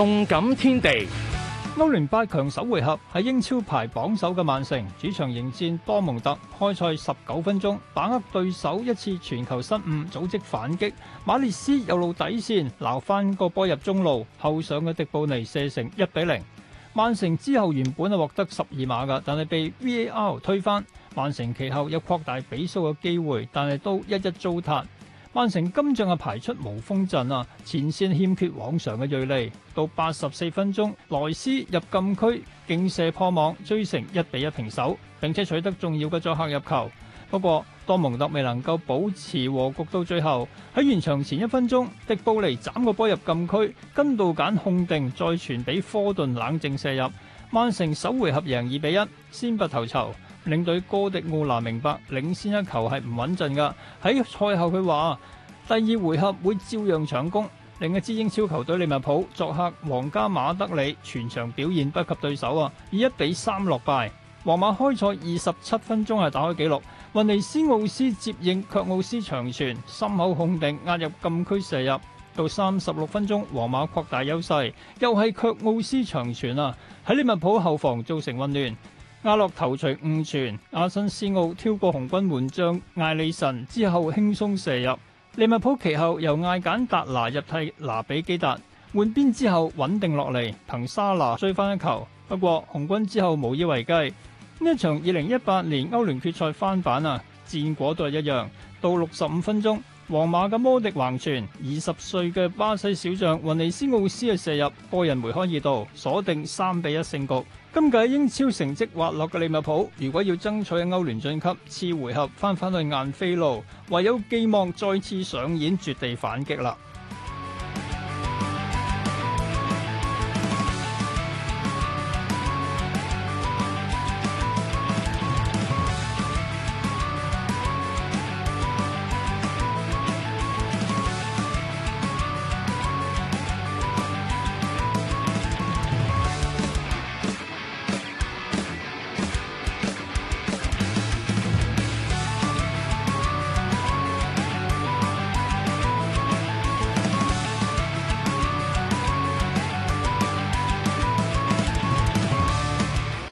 動感天地，歐聯八強首回合，喺英超排榜首嘅曼城主場迎戰多蒙特，開賽十九分鐘，把握對手一次全球失誤，組織反擊，馬列斯右路底線留翻個波入中路，後上嘅迪布尼射成一比零。曼城之後原本係獲得十二碼嘅，但係被 VAR 推翻。曼城其後有擴大比數嘅機會，但係都一一糟蹋。曼城今仗嘅排出無風陣啊，前線欠缺往常嘅銳利。到八十四分鐘，萊斯入禁區，勁射破網，追成一比一平手。並且取得重要嘅作客入球。不過，多蒙特未能夠保持和局到最後，喺完場前一分鐘，迪布尼斬個波入禁區，根道簡控定，再傳俾科頓冷靜射入。曼城首回合贏二比一，先拔頭籌，領隊哥迪奧拿明白領先一球係唔穩陣噶。喺賽後佢話：第二回合會照樣搶攻。另一支英超球隊利物浦作客皇家馬德里，全場表現不及對手啊，以一比三落敗。皇馬開賽二十七分鐘係打開紀錄，維尼斯奧斯接應，卻奧斯長傳，心口控定壓入禁區射入。到三十六分鐘，皇馬擴大優勢，又係卻奧斯長傳啊，喺利物浦後防造成混亂，阿洛頭槌誤傳，亞辛斯奧挑過紅軍門將艾利神之後輕鬆射入。利物浦其後由艾簡達拿入替拿比基達，換邊之後穩定落嚟，憑沙拿追翻一球。不過紅軍之後無以為繼。呢一場二零一八年歐聯決賽翻版啊，戰果都係一樣。到六十五分鐘，皇馬嘅摩迪橫傳，二十歲嘅巴西小將雲尼斯奧斯嘅射入個人梅開二度，鎖定三比一勝局。今屆英超成績滑落嘅利物浦，如果要爭取歐聯晉級，次回合翻返去晏菲路，唯有寄望再次上演絕地反擊啦。